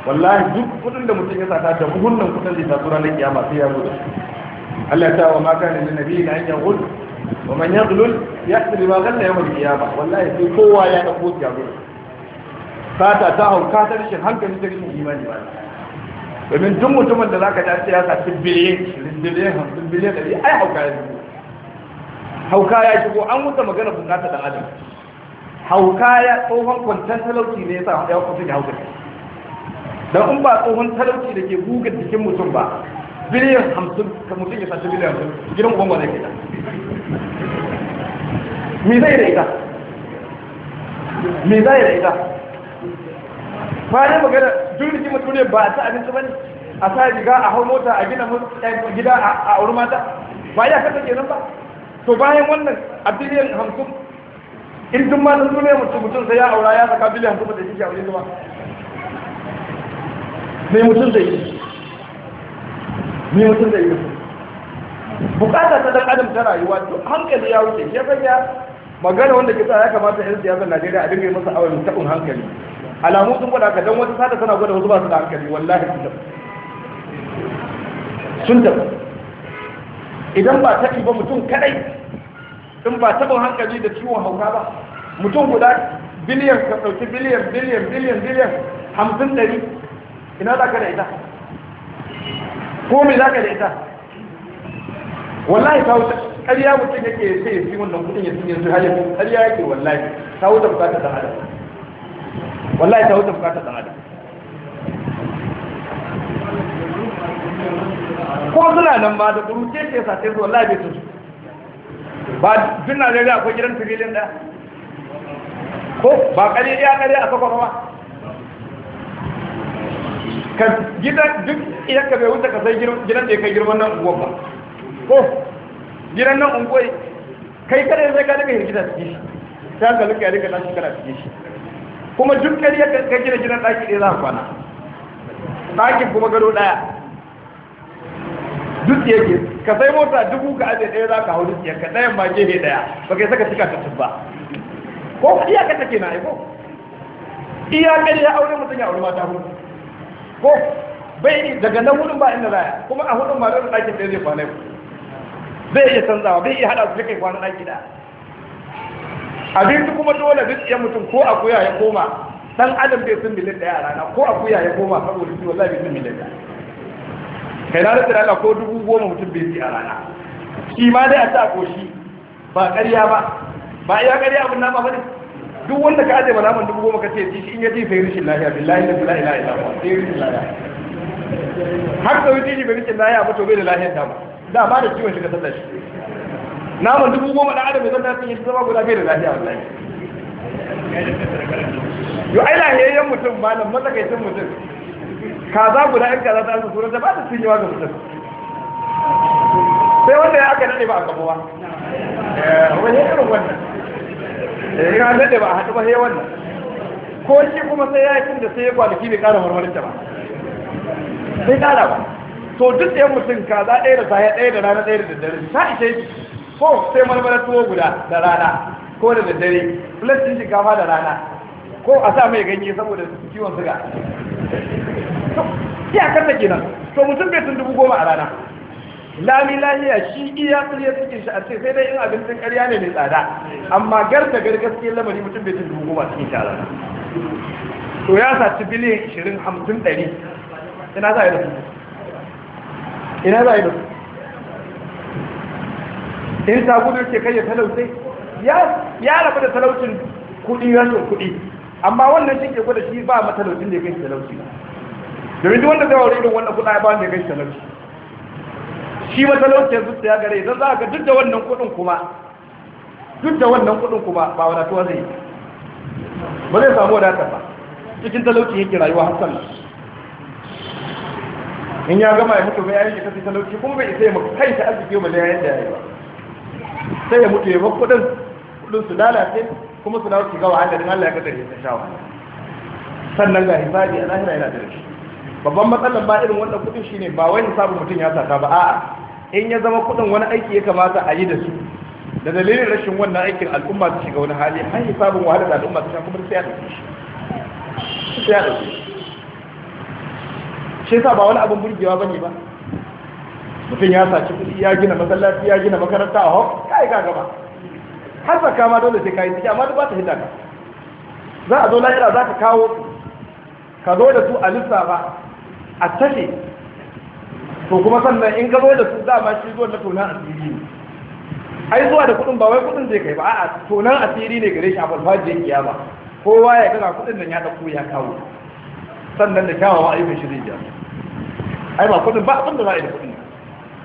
wallahi duk kudin da mutum ya sata ta muhunnan kudin da tura ranar kiyama sai ya gudu. Allah ya tawa maka ne na nabi na hanyar hudu ba man ya zulul ya tsiri ba zan da yawan kiyama wallahi sai kowa ya ɗauko ya gudu sata ta hauka ta rashin hankali ta rashin imani ba domin duk mutumin da za ka ta ya saci biliyan shirin biliyan hamsin biliyan ɗari ai hauka ya shigo hauka ya shigo an wuta magana bukata ɗan adam hauka ya tsohon kwanciyar talauci ne ya sa ya kusa da hauka don in ba tsohon talauci da ke gugar jikin mutum ba biliyan hamsin ka mutum ya sashi biliyan hamsin gidan uban ba zai kai me zai da ita me zai da ita bayan magana duk jikin mutum ne ba a ta abinci ba ne a sa riga a hau mota a gina gida a aure mata ba ya kasa kenan ba to bayan wannan a biliyan hamsin in duk ma su ne mutum mutum sai ya aura ya saka biliyan kuma da shi aure zuwa me mutum zai yi me mutum zai yi bukata ta dan adam ta rayuwa to hankali ya wuce ya sanya magana wanda ke tsaya ya kamata yan siyasar Najeriya a dinga yi masa awai tabun hankali alamu sun gwada ka dan wata sada tana gwada wasu ba su da hankali wallahi sun tabu sun tafi idan ba ta ba mutum kadai sun ba taɓa hankali da ciwon hauka ba mutum guda biliyan ka ɗauki biliyan biliyan biliyan biliyan hamsin ɗari ina za ka da ita ko mai za ka da ita wallahi ta wuce ƙarya mutum yake sai ya fi wannan kudin ya cinye su hajji ƙarya yake wallahi ta bukata bukatar ɗan adam wallahi ta wuce bukatar ɗan adam ko suna nan ba da kuruce ce sa sai su wallahi bai su ba duk najeriya akwai gidan tiriliyan ɗaya ko ba ƙari ɗaya ƙari a sakwa ba ka gidan duk idan ka bai wuce ka sai gidan da ya kai girman nan unguwa ba ko gidan nan unguwa kai kada zai ka daga hirgita ciki ta ka luka ya rika tashi kana ciki shi kuma duk ƙari ya ka gina gidan ɗaki ɗaya za a kwana ɗakin kuma gado ɗaya duk yake ka sai mota dubu ka aje ɗaya za ka hau duk ka ɗaya ma gehe ɗaya ba kai saka cika ta ba ko iyaka take na aiko iyakar ya aure mutum ya aure mata hudu ko bai daga nan hudun ba inda zaya kuma a hudun ba zai ɗakin ɗaya zai kwana zai iya canzawa bai iya haɗa su kai kwana ɗaki da abinci kuma dole duk ya mutum ko akuya ya koma dan adam bai sun miliyan ɗaya a rana ko akuya ya koma saboda shi wallahi bai sun miliyan ɗaya kai na rasa Allah ko dubu goma mutum bai ci a rana shi ma dai a ta koshi ba ƙarya ba ba iya ƙarya abin nama ba ne duk wanda ka ajiye naman dubu goma ka ce shi in ya ji sai rishin lafiya billahi la ila ila Allah sai rishin lafiya har da wuce shi bai rishin lafiya ba to bai da lafiyar ta ba da ba da ciwon shi ka sallar shi naman dubu goma da adam ya zanta sun yi zama guda bai da lafiya wallahi yo ai lahiyayyen mutum ba malam matsakaicin mutum kaza guda in kaza ta amsa da ba ta cinye wa ga mutum sai wanda ya aka nade ba a kamo ba ya eh, irin wannan ya eh, nade ba a haɗu ba ya wannan ko shi kuma sai ya yi da sai ya kwanaki mai ƙara marmarinta ba sai ƙara ba to duk ɗayan mutum kaza ɗaya da safe ɗaya da rana ɗaya da daddare ta ishe ko sai marmara tuwo guda da rana ko da daddare plus ɗin shinkafa da rana ko a sa mai ganye saboda ciwon suga iyakar da kenan to mutum bai sun dubu goma a rana lami lahiya shi iya tsirya cikin shi a ce sai dai in abincin karya ne mai tsada amma gar da gar gaskiyar lamari mutum bai sun dubu goma cikin shi a rana to ya saci biliyan ishirin hamsin ɗari ina za a yi da su ina za a yi da su in ta gudu ke kai ya talauce? ya rabu da talaucin kuɗi rashin kuɗi amma wannan shi ke gwada shi ba matalaucin da ya kai talauci ba domin duk wanda zai wuri irin wannan kuɗa ba ne kai talauci shi ma talauci yanzu ya gare idan za ka duk da wannan kuɗin kuma duk da wannan kuɗin kuma ba wadatuwa zai yi ba zai samu wadatar ba cikin talauci yake rayuwa har sallah in ya gama ya mutu bayan shi kasi talauci kuma bai isa ya maka kai ta arziki ba da yayin da ya yi ba sai ya mutu ya ba kuɗin kuɗin su lalace kuma su dawo shiga ga wahala Allah ya kadare ta sha sannan ga hisabi a lahira yana da rashi babban matsalar ba irin wannan kudin shine ba wai sabu mutum ya sata ba a'a in ya zama kudin wani aiki ya kamata a yi da su da dalilin rashin wannan aikin al'umma su shiga wani hali har sabon wahala da al'umma su sha kuma sai a ɗauke shi sai a ɗauke shi yasa ba wani abin burgewa bane ba mutum ya saci kuɗi ya gina masallaci ya gina makaranta a hau kai ka gaba har zaka ma dole sai kai ciki amma duk ba ta hidda ka za a zo lahira za ka kawo ka zo da su a lissafa a tafi to kuma sannan in gano da su dama shi zuwa na tonan asiri ne ai zuwa da kudin ba wai kudin zai kai ba a'a tonan asiri ne gare shi a farfajiyar kiyama kowa ya gana kudin nan ya dauko ya kawo sannan da kyawawa ayyukan shi zai jami ai ba kudin ba abin da za a yi da kudin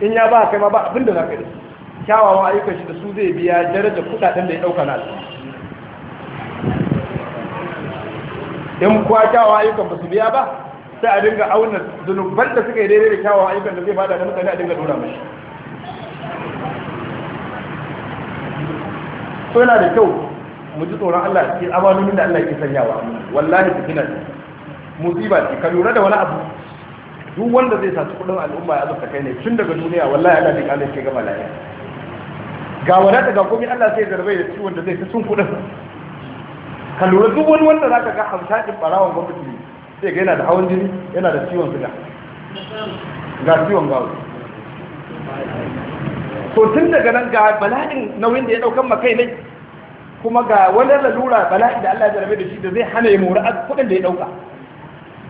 in ya ba kai ma ba abin da za ka yi da su kyawawan ayyukan shi da su zai biya darajar kudaden da ya dauka na su. in kuwa kyawawan ayyukan ba su biya ba sai a dinga auna zunuban da suka yi daidai da kyawawan ayyukan da zai bada da mutane a dinga dora mashi so yana da kyau mu ji tsoron Allah ke amanonin da Allah ke sanyawa wallahi fitina musiba ce ka lura da wani abu duk wanda zai saci kudin al'umma ya azurta kai ne tun daga duniya wallahi Allah zai kare ke gaba laye ga wani daga komai Allah sai zarbe da ciwon da zai ta sun kudin ka lura duk wani wanda zaka ga ɗin barawon gwamnati sai ga yana da hawan jini yana da ciwon suga ga ciwon gawo to tun daga nan ga bala'in nauyin da ya daukan makai ne kuma ga wani lalura bala'in da Allah ya jarabe da shi da zai hana ya mura kudin da ya dauka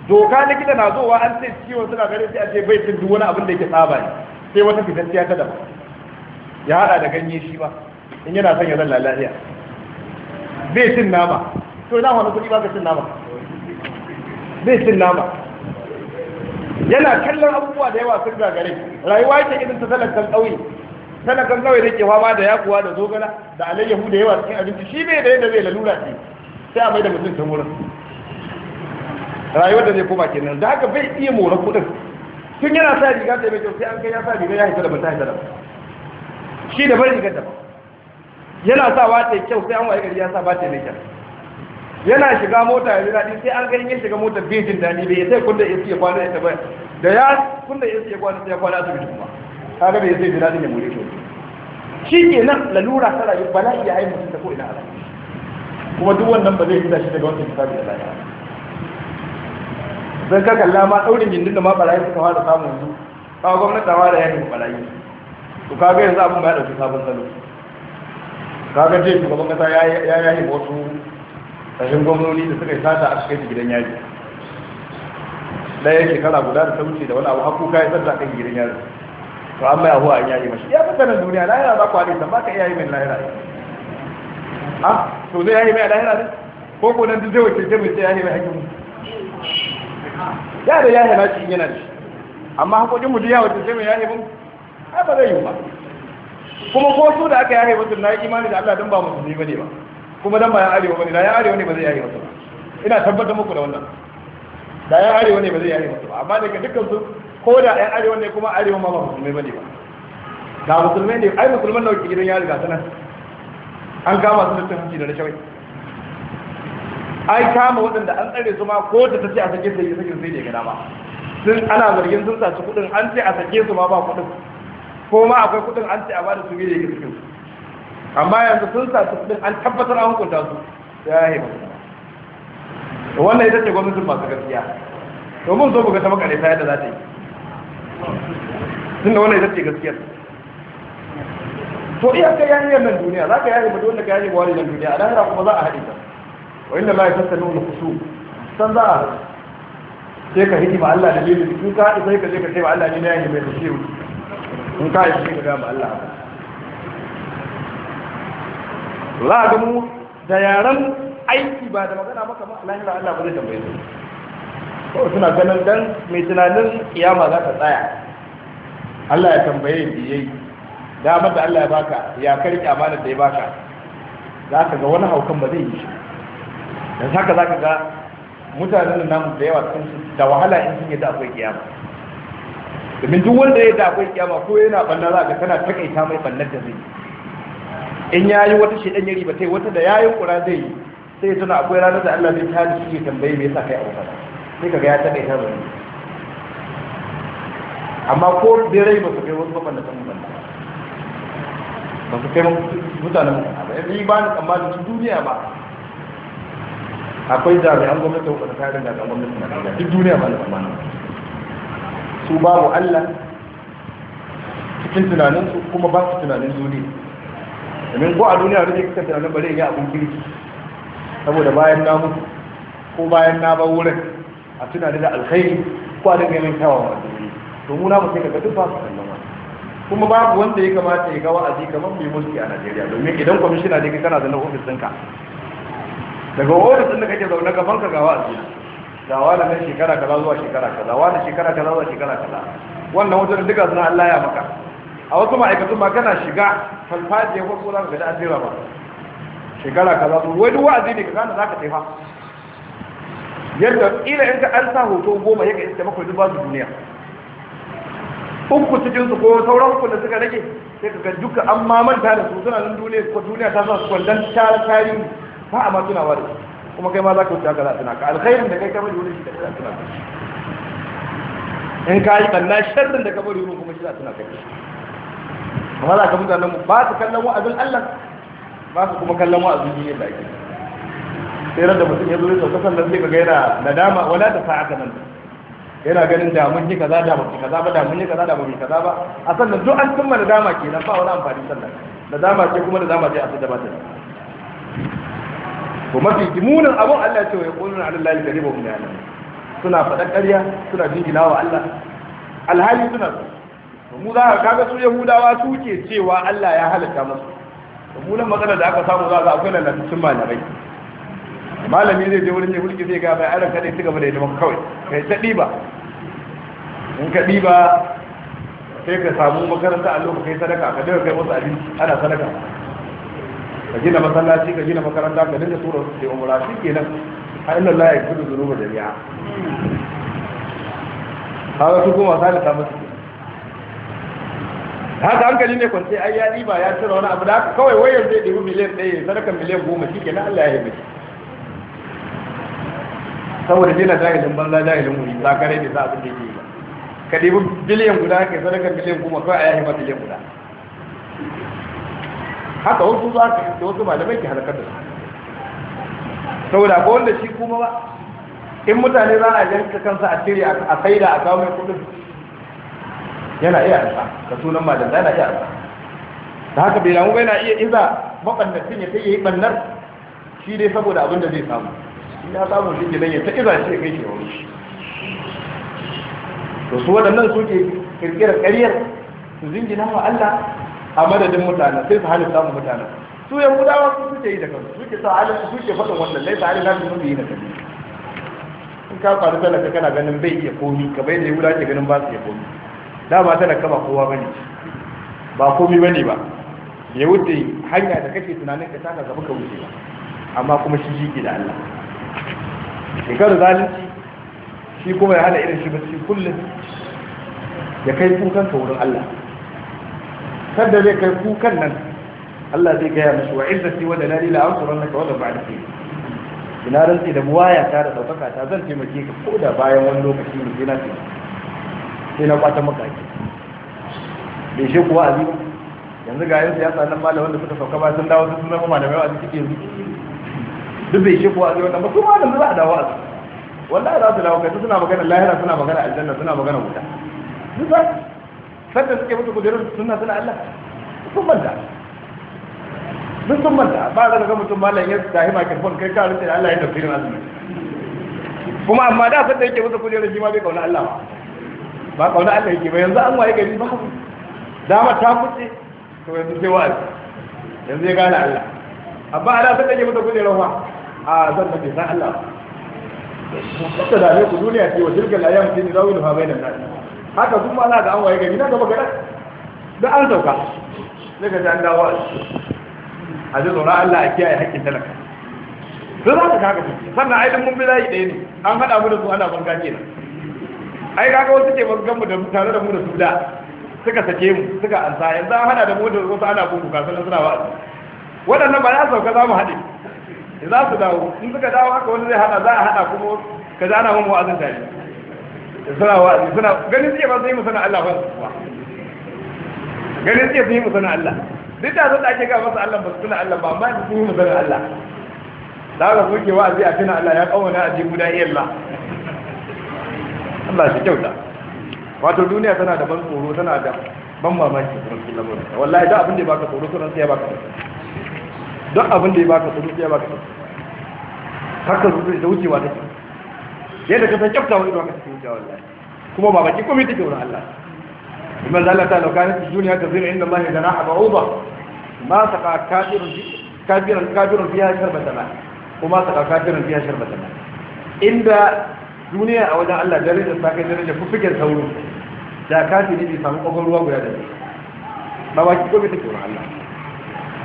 doka likita na zowa an sai ciwon suga gare sai a ce bai tun duk wani abin da yake saba ne sai wata fitacciya ta daba ya hada da ganye shi ba in yana son ya zan lalahiya bai cin nama to ina wani kuɗi ba ka cin nama zai cin nama yana kallon abubuwa da yawa sun gagare rayuwa yake irin ta talakan ƙauye talakan ƙauye da ke fama da yakuwa da zogala da alayyahu da yawa cikin abinci shi ne da yadda zai lalura ce sai a mai da mutum ta rayuwar da zai koma kenan da haka bai iya mora kuɗin tun yana sa riga da mai kyau sai an kai ya sa riga ya haifar da ta haifar da shi da bari riga da yana sa wata kyau sai an waye ya sa ba ta mai kyau yana shiga mota ya daɗi sai an ganin ya shiga mota bai jin daɗi bai sai kunda ya suke kwana ya ba da ya kunda ya suke kwana sai ya kwana asibiti kuma kaga bai sai daɗi ya muri kyau shi ke nan lalura ta rayu bala iya haihu mutum ta ko ina ala kuma duk wannan ba zai fita shi daga wancan kitabi da lafiya zan ka kalla ma ɗaurin jindin da ma ɓarayi suka fara samun yanzu kawo gwamnati ta fara yankin barayi to kaga yanzu abin ba ya ɗauki sabon salo kaga ce shugaban kasa ya yi wasu Kashin gwamnoni da suka yi sata a cikin gidan yaji ɗaya shekara guda da ta wuce da wani abu hakuka kayi sata kan gidan yaji to an mai ahuwa an yaji mashi ya fi ganin duniya lahira za ku halitta ba ka iya yi mai lahira ne a to zai yayi mai lahira ne ko ko nan zai wace ce mai sai yayi mai hakim ya da yayi na shi yana da shi amma hakokin mu duniya wace ce mai yayi mun ai ba zai yi ba kuma ko su da aka yayi mutum na imani da Allah dan ba musulmi bane ba kuma dan ba ya arewa bane da ya arewa ne ba zai yaye masa ba ina tabbatar muku da wannan da ya arewa ne ba zai yaye masa ba amma daga dukkan su ko da ya arewa ne kuma arewa ma ba musulmai bane ba da musulmai ne ai musulman nawa ke gidan yari ga sanan an kama su da tafi da rashawai ai kama waɗanda an tsare su ma ko ta ce a sake sai sake sai da gada ma sun ana zargin sun sace kudin an ce a sake su ma ba kudin ko ma akwai kudin an ce a bada su ne da yake cikin su amma yanzu sun sa su an tabbatar an hukunta su ya yi masu wannan ita ce gwamnatin masu gaskiya domin zo buga ta makare ta yadda za ta yi tunda wannan ita ce gaskiya to iya ka yayi nan duniya za ka yayi mutum wanda ka yayi wani nan duniya a lahira kuma za a haɗe ta wa inda la yafsanu al khusu san za a sai ka hidima Allah da lilin in ka haɗe sai ka je ka ce ba Allah ne ya yi mai tashiru in ka yi shi ka ga ba Allah za a ga mu da yaran aiki ba da magana maka ma lahira Allah ba zai tambaye su ko suna ganin dan mai tunanin kiyama za ta tsaya Allah ya tambaye shi yayi damar da Allah ya baka ya karki amanar da ya baka za ka ga wani haukan ba zai yi shi dan haka za ka ga mutanen namu da yawa sun da wahala in sun yadda akwai kiyama domin duk wanda ya da akwai kiyama ko yana banna za ka kana takaita mai bannar da zai yi in ya yi wata shi ɗan ba riba tai wata da ya yi ƙura zai yi sai tuna akwai ranar da Allah zai ta shi ya tambaye me sa kai a wata sai kaga ya taɓa ita bane amma ko dai rai ba su kai wasu babban da san ban ba su kai ya ni ba ni tsammanin su duniya ba akwai jami'an gwamnati ko wuƙa da gwamnati na Najeriya duk duniya ba ni tsammanin su babu Allah cikin tunaninsu kuma ba su tunanin duniya domin ko a duniya wani zai kasance a nan ba zai yi abin kirki saboda bayan na mutu ko bayan na bar wurin a tuna da alkhairi ko a ganin yin kyawawan duniya to mu na mutu daga duk ba su kuma babu wanda ya kamata ya ga wa'azi kamar mai mulki a Najeriya domin idan kwamishina ne kana da ofis ɗinka daga ofis ɗin da kake zaune gaban ka ga wa'azi da wani nan shekara kaza zuwa shekara kaza wani shekara kaza zuwa shekara kaza wannan wajen duka suna Allah ya maka a wasu ma'aikatun ma kana shiga falfaje ko ko ga an jira ba shekara kaza to wani wa'azi ne gane za ka taifa yadda ila in ka an hoto goma yake iska maka duba su duniya uku cikin su ko sauran uku da suka rage sai ka ga duka an mamanta da su suna nan duniya ko duniya ta sa su kwallon tara tarihi ba a ma tunawa da kuma kai ma za ka wuce haka za a ka. alkhairin da kai ka bari wurin shi da za na tunaka in ka yi ɓanna sharrin da bari wurin kuma shi za a ka amma za ka mutanen mu ba su kallon wa'azin Allah ba su kuma kallon wa'azin duniya da ake sai ran da mutum ya zo ya sauka sannan sai ka ga yana nadama wala ta sa'a nan yana ganin da mun yi kaza da mun kaza ba da mun yi kaza da mun kaza ba a sannan duk an cimma nadama kenan ba wani amfani sannan nadama ce kuma nadama ce a sai da ba ta ko mafi jimunan abun Allah ya ce wa yaquluna ala allahi kadhiba hum ya'lamun suna faɗa suna jingina wa Allah alhali suna so mu za ka kaga su yahudawa su ke cewa Allah ya halatta musu mu nan matsalar da aka samu za a akwai lalatattun malamai malami zai je wurin mulki zai ga bai aran kadai ya cigaba da hidima kawai kai ta ɗiba in ka ɗiba sai ka samu makaranta a lokacin sadaka ka dinga kai wasu abinci ana sadaka ka gina masallaci ka gina makaranta ka dinga tura su ke umra shi nan a ya kudu zuru ba jami'a kaga su kuma da ta musu haka hankali ne kwance ai ya riba ya cire wani abu da haka kawai wayar zai ɗebi miliyan ɗaya sadaka miliyan goma shi kenan Allah ya yi mashi saboda jina jahilin banza jahilin wuri za ka rai da za a da yi ba ka ɗebi biliyan guda ka sadaka miliyan goma kawai a yahi ma biliyan guda haka wasu za ka yi wasu malamai ke halakar da su saboda ko wanda shi kuma ba in mutane za a yanka kansa a cire a saida a kawo mai kudin yana iya amsa ka sunan malam yana iya amsa da haka bai lamu yana iya iza mabannatin ya sai yi bannar shi dai saboda abin da zai samu shi ya samu shi gidan ya ta iza shi ya kai shi wani shi to su waɗannan su ke kirkira ƙaryar su zingina wa Allah a madadin mutane sai su halin samun mutane su yan gudawa su suke yi da kansu suke sa halin su suke faɗin wannan lai sa halin su sun yi da kansu in ka faru talaka kana ganin bai iya komi ka bai da wuda ke ganin ba su iya komi dama tana kama kowa bane ba komai bane ba ya wuce hanya da kake tunanin ka taka gaba ka wuce ba amma kuma shi jiki da Allah shekaru zalunci shi kuma ya hana irin shi shi kullum ya kai kukan ka wurin Allah sadda zai kai kukan nan Allah zai gaya mashi wa izzati wa dalali la ansuran naka wala ba'da fi ina rantsi da buwaya ta da saukaka ta zan taimake ka ko da bayan wani lokaci ne na taimake sai na kwata makaki bai shi kuwa a azi yanzu ga yin siyasa nan malaman da suka sauka ba sun dawo sun zama malamai wa'azi suke yanzu duk bai shi kuwa azi wannan ba su ma da za a dawo azi wallahi za su dawo kai suna magana lahira suna magana aljanna suna magana wuta duk za sanda suke mutu kujerar suna suna allah sun manta duk sun manta ba za ka ga mutum malam ya tahi makirfon kai ka rinsa da allah ya tafirin azumi kuma amma da sanda yake mutu kujerar shi ma bai kauna allah ba ba kauna Allah yake ba yanzu an waye gari ba ku dama ta kuce to yanzu sai wa'azi yanzu ya gane Allah amma ana san kake mata kujerar wa a zan da sai Allah ta da ku duniya ce wa tilkal ayyam tin rawilu ha bainan nan haka kuma ana ga an waye gari na gaba gaba da an sauka ne ga dan an dawo a ji zaune Allah a kiyaye haƙƙin talaka sai za ka kaga sannan aidin mun bi layi ɗaya ne an haɗa mu da su ana banka na. ai kaga wasu ke gan mu da tare da mu da su da suka sake mu suka ansa yanzu an hada da mu da wasu ana gungu kasu na suna wa'azi waɗannan ba za su sauka za mu haɗe eh, za su dawo in suka dawo haka wani zai hada za a hada kuma ka ji ana mun wa'azin tare eh, suna wa'azi suna ganin suke ba su yi mu sana Allah ba ganin suke su yi mu sana Allah duk da sun da ake ga masa Allah ba su tuna Allah ba amma su yi mu sana Allah da haka suke wa'azi a tuna Allah ya kawo na cikin guda iya Allah Allah shi kyauta wato duniya tana da ban tsoro tana da ban mamaki da rasu Allah wallahi da abin da ya baka tsoro sunan siya baka duk abin da ya baka tsoro siya baka tsoro haka zuwa da wucewa take yadda ka san kyauta wani baka cikin wucewa wallahi kuma ba baki komai take wurin Allah kuma zalla ta lauka ne duniya ta zira inda mahi da gana a ba'uba ma saka kafirun kafirun kafirun fiya sharbatan kuma saka kafirun fiya sharbatan inda duniya a wajen Allah darajar sa kai darajar fufuken sauro da ne bai samu ƙofar ruwa guda da ba ba ki gobe take wurin Allah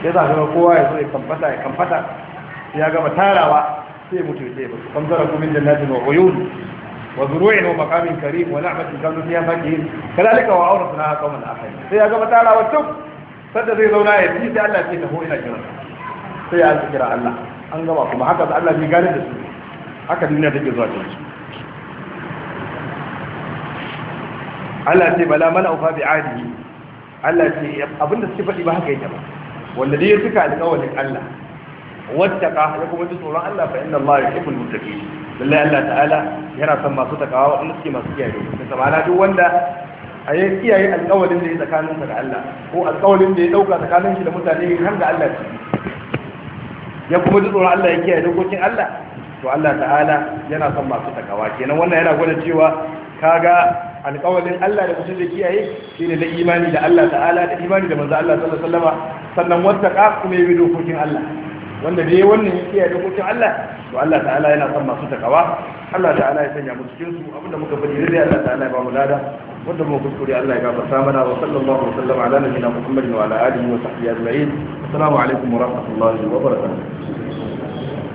ya za ga kowa ya so ya kamfata ya kamfata ya gama tarawa sai mutu sai mutu kamzara kumin jannatin wa uyun wa zuru'in wa maqamin karim wa na'matin kanu fiha fakihin kadalika wa awrasna qauman akharin sai ya gama tarawa tuk sadda zai zauna ya ci sai Allah sai ta ho ina kira sai ya kira Allah an gama kuma haka Allah ya gane da su haka duniya take zuwa cikin Allah ce bala mana ufa bi adihi Allah ce abinda suke faɗi ba haka yake ba wanda dai ya cika alƙawarin Allah wattaqa ya kuma ji tsoron Allah fa inna Allah yuhibbul muttaqin lalle Allah ta'ala yana son masu takawa wanda suke masu kiyaye da sabana duk wanda a yi kiyaye alƙawarin da ya tsakaninsa da Allah ko alƙawarin da ya dauka tsakanin shi da mutane har da Allah ce ya kuma ji tsoron Allah ya kiyaye dokokin Allah to Allah ta'ala yana son masu takawa kenan wannan yana gwada cewa kaga alƙawarin Allah da mutum da kiyaye shi ne da imani da Allah ta'ala da imani da manzo Allah sallallahu alaihi wasallama sannan wata ka kuma yi dokokin Allah wanda dai wannan ya kiyaye dokokin Allah to Allah ta'ala yana son masu takawa Allah ta'ala ya sanya mu cikin su abinda muka fadi dai Allah ta'ala ya ba mu lada wanda muka kuskure Allah ya gafarta mana wa sallallahu alaihi wasallam ala nabiyina Muhammadin wa ala alihi wa sahbihi ajma'in assalamu alaikum wa rahmatullahi wa barakatuh